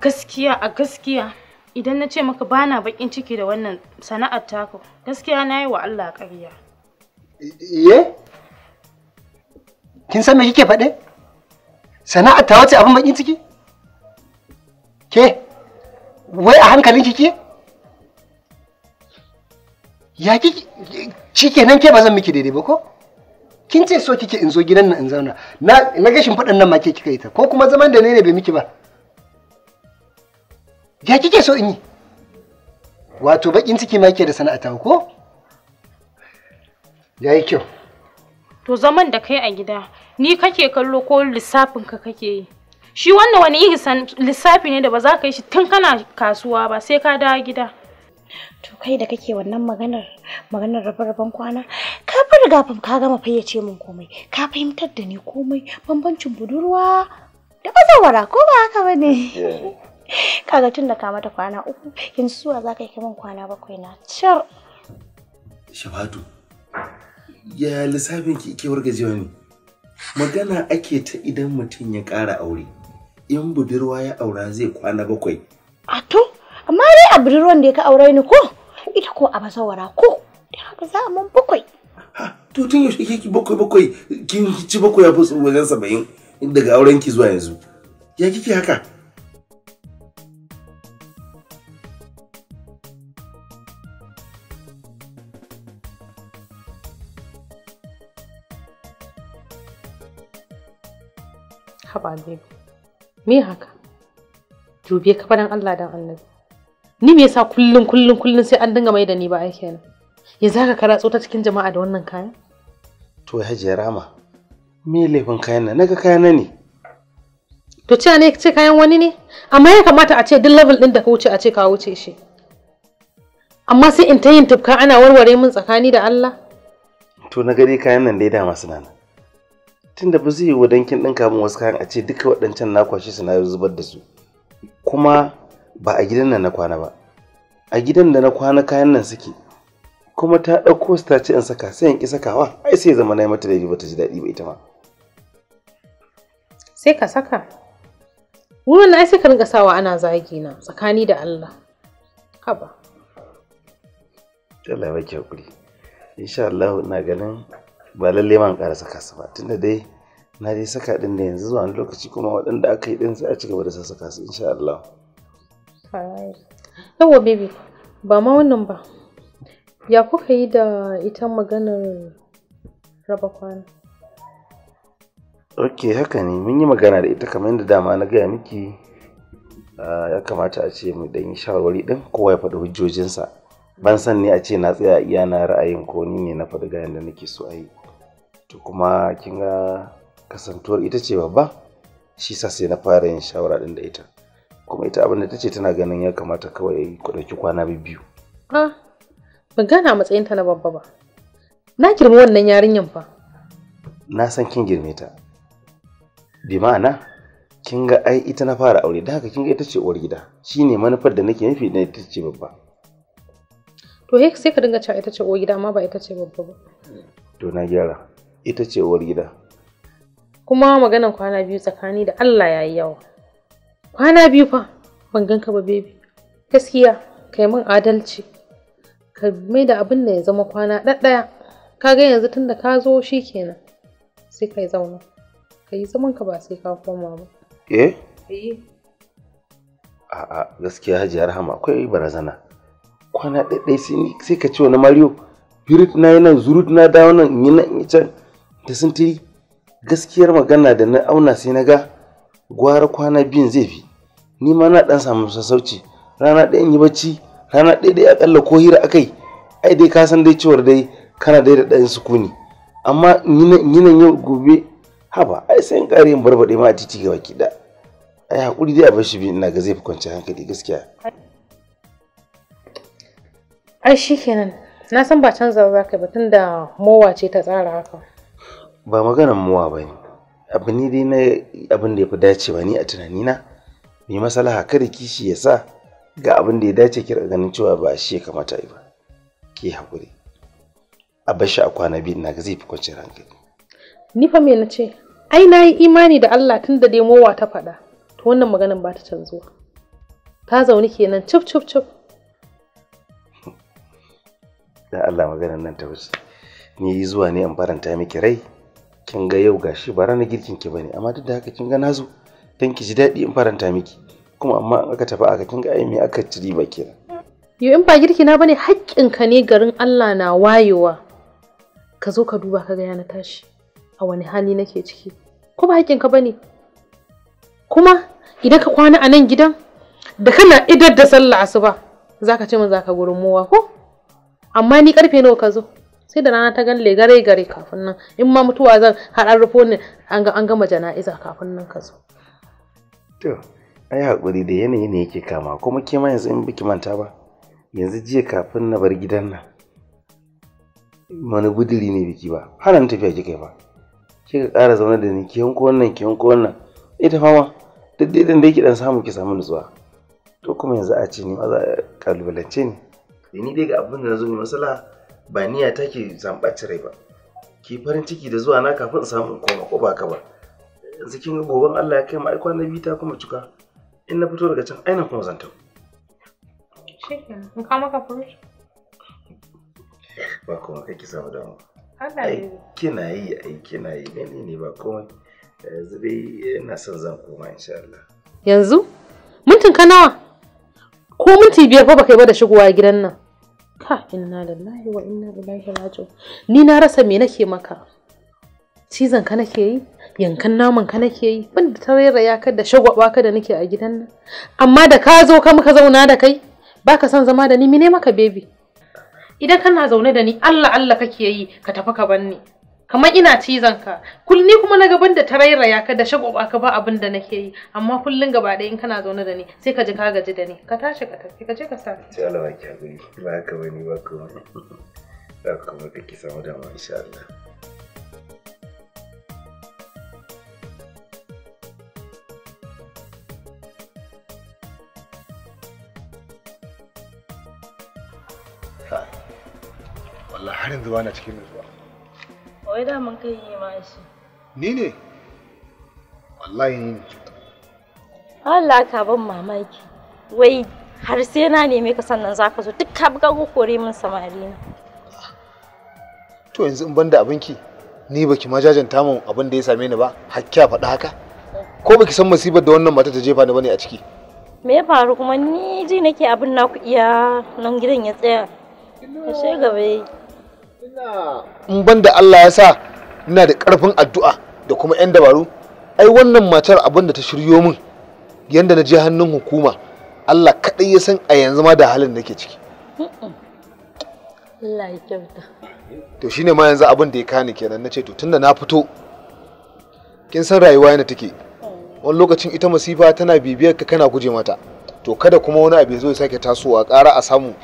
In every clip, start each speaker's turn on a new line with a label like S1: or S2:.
S1: gaskiya a gaskiya idan na ce maka bana bakin ciki da wannan sana'ar taku gaskiya na yi wa Allah ƙarya.
S2: Iye? Kin san me kike faɗe? Sana'ar ta wace abin bakin ciki? Ke, wai a hankalin kike? Ya kike, shi kenan ke ba zan miki daidai ba ko? Kin ce so kike in zo gidan nan in zauna, na gashin faɗan nan ma ke kika yi ta, ko kuma zaman da ne ne bai miki ba. Ya kike so in yi? Wato bakin ciki ma yake da sana'ata ko? Ya yi kyau.
S1: To zaman da kai a gida, ni kake kallo ko lissafin ka kake yi. Shi wannan wani lissafi ne da ba za ka yi shi tun kana kasuwa ba sai ka dawo gida.
S3: To kai da kake wannan maganar maganar rabe kwana, ka fi riga ka gama fayyace min komai, ka fahimtar da ni komai bambancin budurwa da bazawara ko ba haka ba
S1: ne?
S3: kaga tun da ka mata kwana uku yanzu zuwa za ka yi kaman kwana bakwai na cir Shabatu,
S4: ya lissafin ki ke wargajewa ne magana ake ta idan mutum ya ƙara aure in budurwa ya aura zai kwana bakwai
S3: a to amma dai a budurwan da ya ka aure ni ko ita ko a basawara ko da haka za a mun
S4: bakwai to tun yaushe kike bakwai bakwai kin ci bakwai a fusu wajen saba'in daga auren ki zuwa yanzu ya kike haka
S5: haba baby me haka dube ka fadan Allah dan annabi ni me yasa kullun kullun kullun sai an dinga mai da ni ba ai kenan yanzu haka kara tsota ta cikin jama'a da wannan kayan
S4: to hajiya rama me laifin kayan nan naga kayan nan ne
S5: to ce ne ce kayan wani ne amma ya kamata a ce duk level din da ka wuce a ce ka wuce shi amma sai in ta yin tufka ana warware min tsakani da Allah
S4: to na gari kayan nan dai da masu nana tunda ba zai yi wa kin dinka kamun wasu kayan a ce duka waɗancan na kwashe su na zubar da su kuma ba a gidan nan na kwana ba a gidan da na kwana kayan nan suke kuma ta ɗauko su ta ce in saka sai in ki sakawa ai sai zama na yi mata laifi bata ji daɗi ba ita ma sai
S5: ka saka wurin ai sai ka rinka sawa ana zagi na tsakani da Allah haba
S4: Allah ya baki hakuri insha Allah ina ganin ba lalle man ƙara saka su ba tunda dai na dai saka din da yanzu zuwa wani lokaci kuma waɗanda aka yi din sai a ci gaba da sassaka su insha Allah
S5: yawa baby ba ma wannan ba ya kuka yi da ita maganar raba kwana
S4: ok haka ne mun yi magana da ita kamar yadda dama na gaya miki ah, ya kamata a ce mu dan yi shawarwari din kowa ya faɗi hujjojinsa ban san ne a ce na tsaya iya na ra'ayin ko ni ne na faɗi ga da nake so a yi to kuma kin ga kasantuwar ita ce babba shi sa sai na fara yin shawara din da ita kuma ita abin da ta ce tana ganin ya kamata kawai ku ɗauki kwana biyu
S5: ah ban gana matsayin ta na babba ba na girma wannan yarinyan fa
S4: na san kin girme ta bi ma'ana kin ga ai ita na fara aure da haka kin ga ita ce uwar gida shine manufar da nake nufi da ita ce babba
S5: to sai ka dinga cewa ita ce uwar gida amma ba ita ce babba ba
S4: to na gyara ita ce uwar gida
S5: kuma maganan kwana biyu tsakani da Allah ya yi yawa kwana biyu fa ban ka ba bebi gaskiya kai min adalci ka mai da abin da ya zama kwana ɗaɗɗaya ka ga yanzu tun da ka zo shi kenan sai ka yi zauna ka yi zaman ka ba sai ka koma ba eh, eh.
S4: a'a gaskiya hajiya rahama akwai barazana kwana ɗaɗɗai sai ka ce wani mario birit na nan, zurut na dawo nan in yi nan in can da sintiri gaskiyar magana da na auna sai na ga gwara kwana biyun zai fi ni ma na dan samu sassauci rana ɗaya in yi bacci rana ɗaya dai akalla ko hira akai ai dai ka san dai cewar dai kana dai da ɗan sukuni amma nan yau gobe haba ai sai in ƙare in barbaɗe ma a titi ga baki da ai hakuri dai a bar shi bi ina ga zai fi kwanciyar hankali gaskiya
S5: ai shikenan na san ba canza za ka ba tunda mowa ce ta tsara haka
S4: ba maganan muwa ba ne abu ne dai na abin da ya fi dacewa ni a tunani na, mai masalaha kada kishi ya sa ga abin da ya dace kira ganin cewa ba shi ya kamata ba ke haƙuri a bar shi a kwana biyu na ga zai fi kwanciyar hankali
S5: ni fa me na ce ai na yi imani da Allah tun da dai mowa ta faɗa to wannan maganan ba ta canzuwa ta zaune kenan cif cif cif
S4: da Allah maganan nan ta wuce ni zuwa ne in faranta miki rai kin ga yau gashi ba ranar girkin ki bane amma duk da haka kin ga nazo dan ki ji daɗi in faranta miki kuma amma in aka tafi aka kin ga ai me aka ci riba kenan
S5: yo in ba girki na bane haƙƙin ka ne garin Allah na wayewa ka zo ka duba ka ga na tashi a wani hali nake ciki ko ba haƙƙin ka bane kuma idan ka kwana a nan gidan da kana idar da sallah asuba zaka ce mun zaka gurin mowa ko amma ni karfe nawa ka zo sai da rana ta gan gare gare kafin nan in ma mutuwa zan haɗar rufo ne an gama jana'iza kafin nan ka zo
S4: to ai hakuri da yanayi ne yake kama kuma ke ma yanzu in biki manta ba yanzu jiya kafin na bar gidan nan mana buduri ne biki ba har ni tafiya kika ba kika ƙara zaune da ni ki ko wannan ki ko wannan ita fama duk dai da ki dan samu ki samu nutsuwa to kuma yanzu a ce ni ma za a kalubalance ni da ni dai ga abin da na zo mai masala ba niyya take zamba cire ba ki farin ciki da zuwa na kafin samun koma ko ba ka ba yanzu kin ga goben Allah ya kai mu ai kwana biyu ta kuma cuka in na fito daga can aina kuma zanta
S5: tafi shikenan in ka maka furuci
S4: ba kuma kake samu damu ai kina yi ai kina yi ne ne ba komai yanzu dai ina son zan koma insha Allah
S5: yanzu mutun ka nawa ko minti biyar fa baka yi ba da shigowa gidan nan ha inna lillahi wa inna ilaihi raji'un ni na rasa me nake maka cizon ka nake yi yankan naman ka nake yi ban da tarera ya da shagwaba ka da nake a gidan nan amma da ka zo ka muka zauna da kai baka son zama da ni mine maka bebi idan kana zaune da ni Allah Allah kake yi ka tafi ka banni kamar ina cizon ka kulli kuma na gaban da ta rairaya ka da shagwaba ka ba abin da nake yi amma kullun gaba ɗaya in kana zaune da ni sai ka ji ka gaji da ni ka tashi ka tafi ka je ka sa
S4: sai Allah ya kiyaye ba ka bani ba ka wani ka kuma kake samu da insha Allah
S6: wallahi har yanzu ba na cikin nutsuwa
S1: Wai da mun kai yi ma shi.
S6: Ni ne? Wallahi ni ne.
S1: Allah ka ban mamaki. Wai har sai na neme ka sannan za ka zo duk ka buga ko kore min samari na.
S6: To yanzu in banda abinki ni baki ma jajanta min abin da ya same ni ba hakkiya faɗa haka. Ko baki san masibar da wannan mata ta jefa ni bane a ciki.
S1: Me ya faru kuma ni ji nake abin naku iya nan gidan ya tsaya. Ka gaba yayi.
S6: in ban da Allah ya sa ina da ƙarfin addu'a da kuma 'yan dabaru ai wannan matar abin da ta shiryo min yadda na je hannun hukuma Allah kaɗai ya san a yanzu ma da halin da ke ciki
S1: Allah ya kyauta
S6: to shine ma yanzu abin da ya kani kenan nace to tunda na fito kin san rayuwa yana take wani lokacin ita masifa tana bibiyar ka kana guje mata to kada kuma wani abu ya zo ya sake tasowa ƙara a samu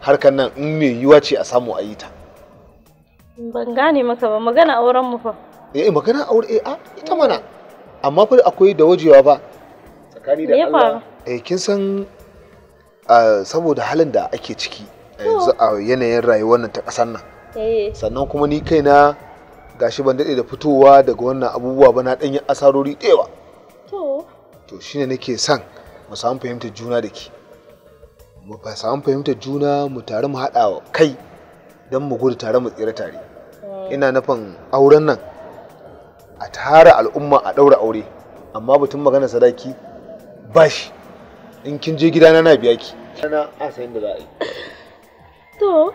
S6: harkar nan in mai yiwuwa ce a samu a yi ta
S1: Ban gane maka ba magana auren mu fa.
S6: Eh magana aure eh a ah, ita mana. Amma fa akwai da wajewa ba.
S1: Tsakani da Allah.
S6: Eh kin san ah, saboda halin da ake ciki yanzu a yanayin rayuwar nan ta kasar nan. Eh. Sannan kuma ni kaina gashi ban daɗe da fitowa daga wannan abubuwa ba na yi asarori ɗewa. To. To shine nake son mu samu fahimtar juna da ke. Mu samu fahimtar juna mu tare mu haɗa kai don mu gudu tare mu tsira tare. ina nufin auren nan a tara al'umma a ɗaura aure amma batun magana sadaki ba shi in kin je gidana na biya ki na asayin da za a yi
S1: to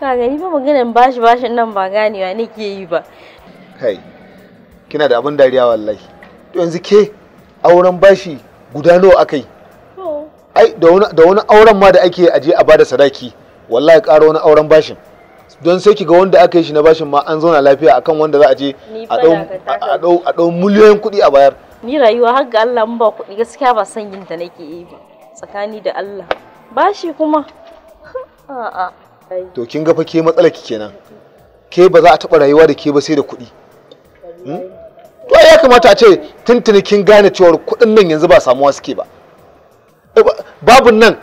S1: ka gani ba maganan bashi bashin nan ba ganewa nake yi ba
S6: kai kina da abin dariya wallahi to yanzu ke auren bashi guda nawa akai ai da wani auren ma da ake aje a bada sadaki wallahi ƙara wani auren bashin don sai ki ga wanda aka yi shi na bashin ma an zauna lafiya akan wanda za a je a ɗau miliyoyin kuɗi a bayar
S1: ni rayuwa har ga Allah mun ba kuɗi gaskiya ba san yin da nake yi ba tsakani da Allah bashi kuma a'a
S6: to kin ga fa ke matsalar ki kenan ke ba za a taɓa rayuwa da ke ba sai da kuɗi hmm? to ya kamata a ce tuntuni kin gane cewar kuɗin nan yanzu ba samuwa suke ba babun nan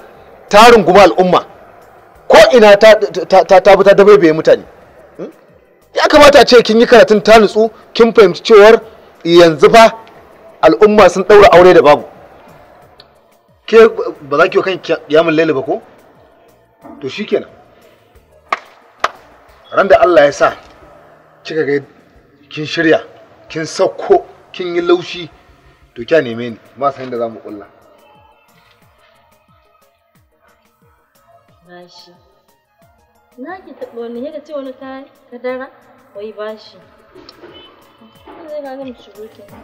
S6: tarin guma al'umma ko ina ta ta ta ta mutane hmm? ya kamata a ce kin yi karatun ta nutsu kin fahimci cewar yanzu fa al'umma sun ɗaura aure da babu ke ba za ki yi kan yamin laila ba ko to shikenan ran da Allah ya sa kika ga kin shirya kin sauko kin yi laushi to kya neme ni ba san da za mu kulla
S1: bashi na ki taɓa wani ya ce wani kadara
S7: wai bashi zai ga gama shigo kenan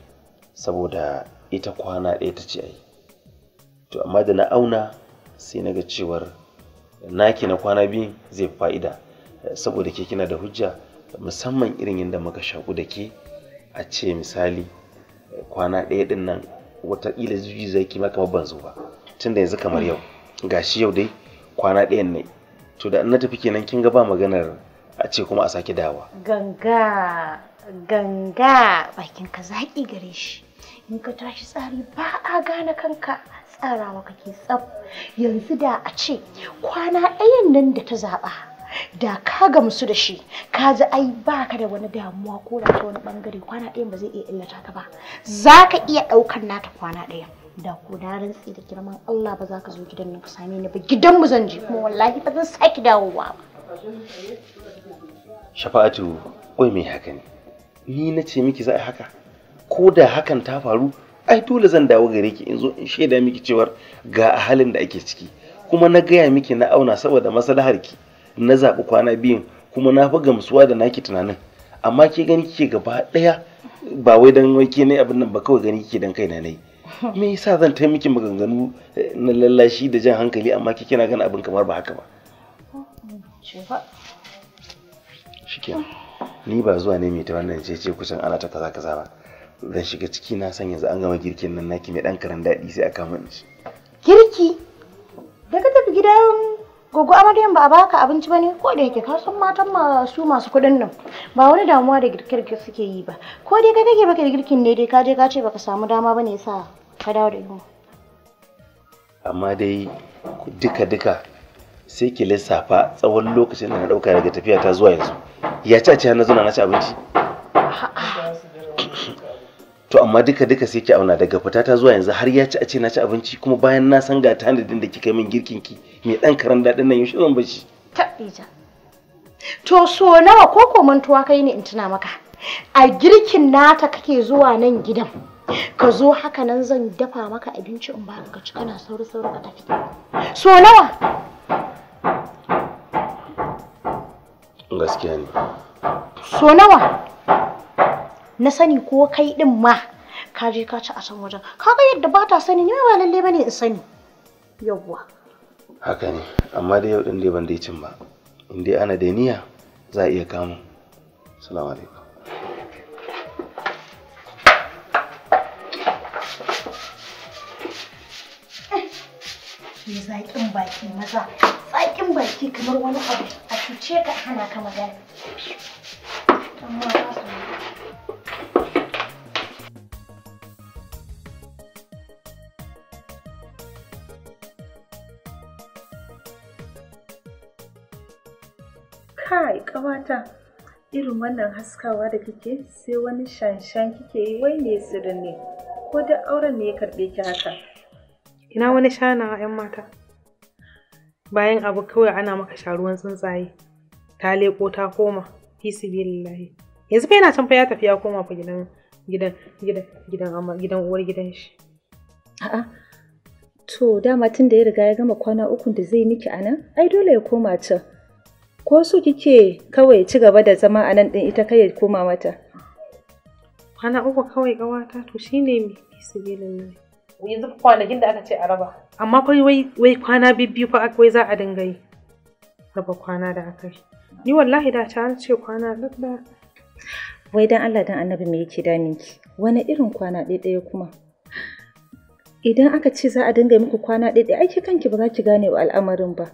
S4: saboda ita kwana ɗaya ta ce ai to amma da na auna sai na ga cewar naki na kwana biyu zai fa'ida saboda ke kina da hujja musamman irin yadda muka shaku da ke a ce misali kwana ɗaya ɗin nan wataƙila zuji zai kima kamar ban zo ba tun da yanzu kamar yau gashi yau dai kwana ɗayan ne to da na tafi kenan kin ga ba maganar a ce kuma a sake dawa
S3: ganga ganga bakin ka zaƙi gare shi in ka tashi tsari ba a gane kanka tsarawa kake tsab yanzu da a ce kwana ɗayan nan da ta zaɓa da ka gamsu da shi ka ji ai ba ka da wani damuwa ko da ta wani ɓangare kwana ɗayan ba zai iya illata ka ba za ka iya ɗaukar nata kwana ɗayan da ko na rantsi da girman Allah ba za ka zo gidan nan ka same ni ba gidan mu zan je kuma wallahi ba zan saki dawowa
S5: ba
S4: shafa'atu oi mai haka ne ni na ce miki za a haka ko da hakan ta faru ai dole zan dawo gare ki in zo in shaida miki cewar ga a halin da ake ciki kuma na gaya miki na auna saboda maslahar ki na zaɓi kwana biyun kuma na fi gamsuwa da naki tunanin amma ke gani kike gaba ɗaya ba wai dan wai ke ne abin nan ba kawai gani kike dan kaina nayi me yasa zan ta miki maganganu eh, na lallashi da jan hankali amma kike kina gani abin kamar ba haka ba ni ba zuwa ne mai ta wannan ce ce kusan ana ta kaza kaza ba zan shiga ciki na san yanzu an gama girkin nan naki mai dan karan daɗi sai aka mun shi
S3: girki da ka tafi gidan gogo amaryan ba a baka abinci ba ne ko da yake ka san matan su masu kuɗin nan ba wani damuwa da girkin ka suke yi ba ko dai ka kake baka girkin ne dai ka je ka ce baka samu dama ba ne sa ka dawo da yunwa
S4: amma dai duka-duka sai ki lissafa tsawon lokacin da na ɗauka daga tafiya ta zuwa yanzu ya ci a ci na zuna na ci abinci to amma duka duka sai ki auna daga fita ta zuwa yanzu har ya ci a ce na ci abinci kuma bayan na san ga tanadin da kika min girkin ki mai dan karan dadin nan yaushe zan bashi
S3: taɓija to so nawa ko ko mantuwa kai ne in tuna maka a girkin nata kake zuwa nan gidan ka zo haka nan zan dafa maka abinci in ba ka ci kana sauri sauri ka tafi so nawa gaskiya ne so nawa na sani ko kai din ma ka je ka ci a san wajen kaga yadda ba ta sani ne ba lalle bane in sani yawwa
S4: haka ne amma dai yau din dai ban dai cin ba in dai ana da niyya za a iya kamun salamu alaikum eh,
S3: Me zaƙin baki maza, zaƙin baki kamar wani abu. cuce ka hana ka magana
S7: kai kawata irin wannan haskawa da kike sai wani shanshan kike yi wai ne sirri ne
S5: ko da auren ne ya karbe ki haka ina wani shana 'yan mata bayan abu kawai ana maka sharuwan tsuntsaye ta leko ta koma fi sibilillahi yanzu fa yana can fa ya tafi ya koma fa gidan gidan gidan gidan amma gidan uwar gidan shi
S7: a'a to dama tun da ya riga ya gama kwana uku da zai miki anan ai dole ya koma can ko su kike kawai ci gaba da zama a nan din ita kai ya koma mata
S5: kwana uku kawai ƙawata to shine mai fi sibilillahi yanzu kwanakin da aka ce a raba amma kai wai kwana bibbiyu fa akwai za a dinga yi
S7: raba kwana da aka yi
S5: ni wallahi da ta an ce kwana da
S7: wai dan Allah dan annabi me yake daminki? wani irin kwana ɗaya kuma idan aka ce za a dinga muku kwana ɗaya ai ke kanki ba za ki gane wa al'amarin ba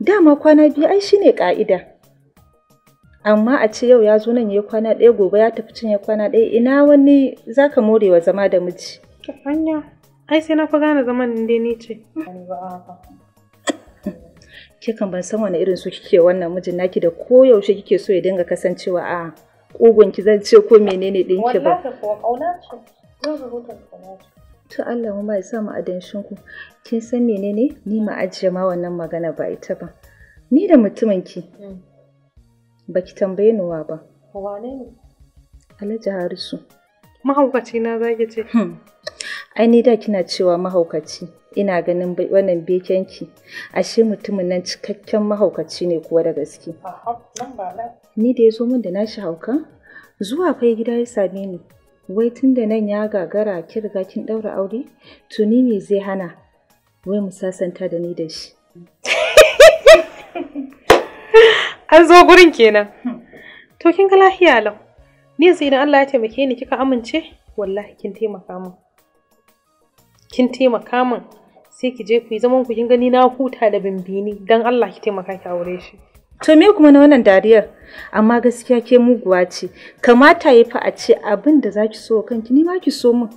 S7: dama kwana biyu ai shine ka'ida amma a ce yau ya zo nan ya kwana ɗaya gobe ya tafi can ya kwana ɗaya ina wani zaka morewa zama da miji
S5: hanya Ai sai na fa gane zaman dai ni ce.
S7: Kikan ban san wani irin su kike wannan mijin naki da koyaushe kike so ya dinga kasancewa a ƙugun ki zan ce ko menene ɗinki ba. Wallahi ce. Zan To Allah mu ya sa mu adanshin ku. Kin san menene? Ni ma ajiye ma wannan magana ba ita ba. Ni da mutumin ki. Mm. Baki tambaye ni wa ba. Wane ne? Alhaji Harisu.
S5: Mahaukaci na zaki ce. Hmm.
S7: ai ni da kina cewa mahaukaci ina ganin wannan bekenki ashe mutumin nan cikakken mahaukaci ne kuwa da gaske ni da ya zo min da na shi hauka zuwa kai gida ya same ni wai tun da nan ya gagara ki riga kin ɗaura aure tuni ne zai hana wai mu sasanta da ni da shi an zo gurin kenan
S5: to kin ga lafiya lau ni yanzu idan Allah ya taimake ni kika amince wallahi kin taimaka min kin taimaka min sai ki je ku yi zaman ku kin gani na huta
S7: da bimbini dan Allah ki taimaka ki aure shi to me kuma na wannan dariyar amma gaskiya ke muguwa ce kamata ya fa a ce abin da zaki so kanki ni ma ki so min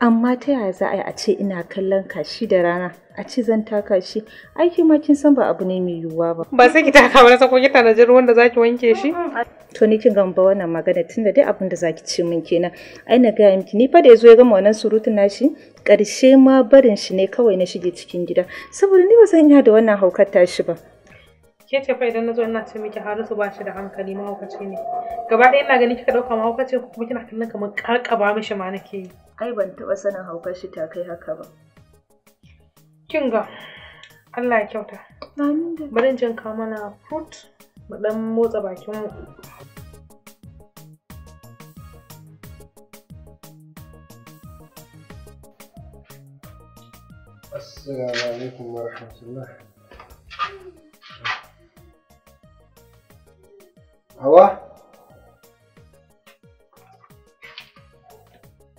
S7: amma ta yaya za a yi a ce ina kallon kashi da rana a ce zan taka shi aiki ma kin san ba abu ne mai yiwuwa ba ba sai ki taka wani
S5: sako ki tana jin ruwan da zaki wanke shi
S7: to ni kin gamba wannan magana tunda dai abin da zaki ce min kenan ai na ga miki ni fa da yazo ya gama wannan surutun nashi karshe ma barin shi ne kawai na shige cikin gida saboda ni ba zan yi da wannan haukar tashi ba
S5: ke ce fa idan na zo ina ce miki Harisu ba shi da hankali mahaukaci ne gaba ɗaya ina ganin kika ɗauka mahaukaci kuma kina kallon kamar karkaba mishi ma nake yi
S7: ai ban taɓa sanin haukar shi ta kai haka ba
S5: kin ga Allah ya kyauta bari in jinka mana fruit mu dan motsa bakin mu
S2: Assalamu alaikum wa rahmatullah.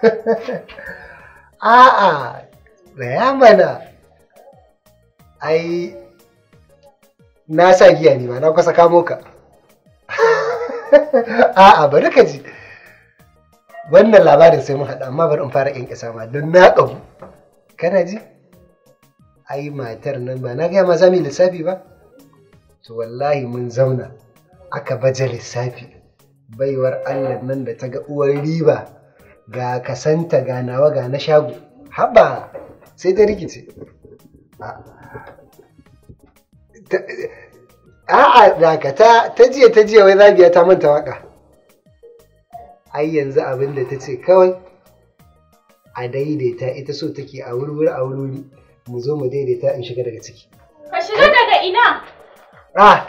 S2: A'a, gaya mana. Ai, na sa giya ne ba, na kusa kamo ka. A'a, bari ka ji. Wannan labarin sai mun hada, amma bari in fara ƙyanƙyasa ma don na ƙabu. Kana ji? Ai, matar nan ba na gaya ma za mu yi lissafi ba? To wallahi mun zauna, aka baje lissafi. Baiwar Allah nan da ta ga uwar riba. ga kasanta ga nawa ga na shago haba sai ta rikice a'a daga ta ta jiya ta jiya wai zabiya ta manta waka ai yanzu abin da ta ce kawai a daidaita ita so take a wurwuri a wurwuri mu zo mu daidaita in shiga daga ciki
S1: ka shiga daga ina A!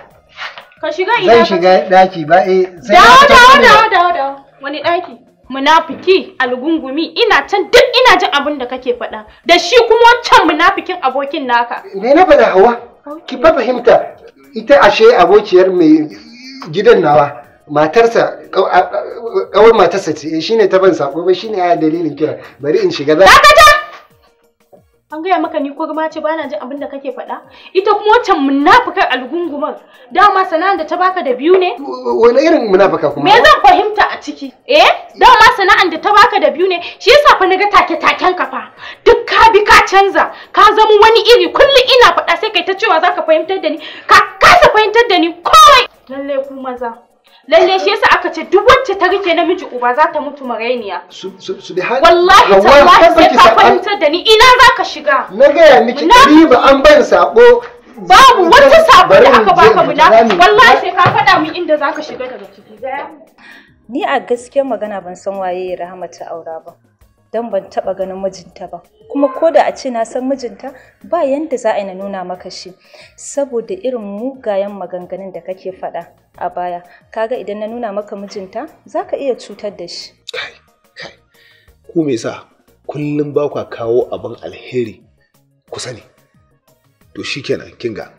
S1: ka shiga ina zan shiga
S2: daki ba eh dawo dawo
S1: dawo dawo wani daki munafiki algungumi ina can duk ina jin abin da kake faɗa da shi kuma wancan munafikin abokin naka me na faɗa hawa
S2: ki fa fahimta ita ashe abokiyar mai gidan nawa matarsa kawai matarsa ce eh, shine ta ban sako ba shine aya dalilin kira bari in shiga za ka
S1: An gaya maka ni ko gama ce ba na jin abin da kake faɗa? Ita kuma wacce munafukar algungumar dama sana'ar da ta baka da biyu ne? Wani irin munafuka kuma? Me zan fahimta a ciki? Eh? Dama sana'ar da ta baka da biyu ne shi yasa fa naga take-taken kafa Duk ka bi ka canza ka zama wani iri kullum ina faɗa sai kai ta cewa zaka fahimtar da ni ka kasa fahimtar da ni kawai. Lallai ku maza. lalle shi yasa aka ce duk wacce ta rike namiji uba za ta mutu marainiya
S2: wallahi tallahi sai ka fahimtar
S1: da ni ina za ka shiga
S2: na gaya miki ba an bar sako babu wata sako da aka baka mu na wallahi
S7: sai ka faɗa mu inda za ka shiga daga ciki ni a gaskiyar magana ban san waye rahama ta aura ba don ban taɓa ganin mijinta ba kuma ko da a ce na san mijinta ba yanda za a na nuna maka shi saboda irin mugayen maganganun da kake faɗa a baya kaga idan na nuna maka mijinta za ka iya cutar da shi
S6: ku me sa kullum ba kwa kawo abin alheri ku sani to shikenan kin ga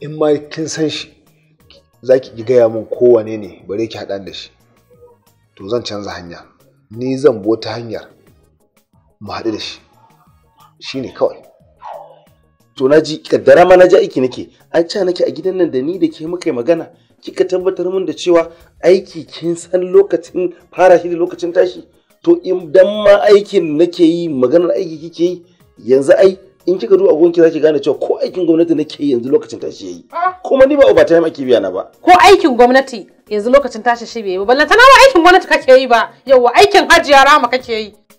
S6: in ma kin san shi za ki gaya min kowane ne bare ki haɗa da shi to zan canza hanya ni zan bo ta hanyar mu haɗu da shi shi ne kawai to na
S4: ji kaddara ma na ji aiki nake an ca nake a gidan nan da ni da ke muka magana kika tabbatar mun da cewa aiki kin san lokacin fara shi da lokacin tashi to idan ma aikin nake yi maganar aiki kike yi yanzu ai in kika duba agogon ki zaki gane cewa ko aikin gwamnati nake yanzu lokacin tashi yayi ah. kuma ni ba overtime ake biya na ba
S1: ko aikin gwamnati
S5: yanzu lokacin tashi shi bai yi ba balantana wa aikin gwamnati kake yi ba yawa aikin hajiya rama kake yi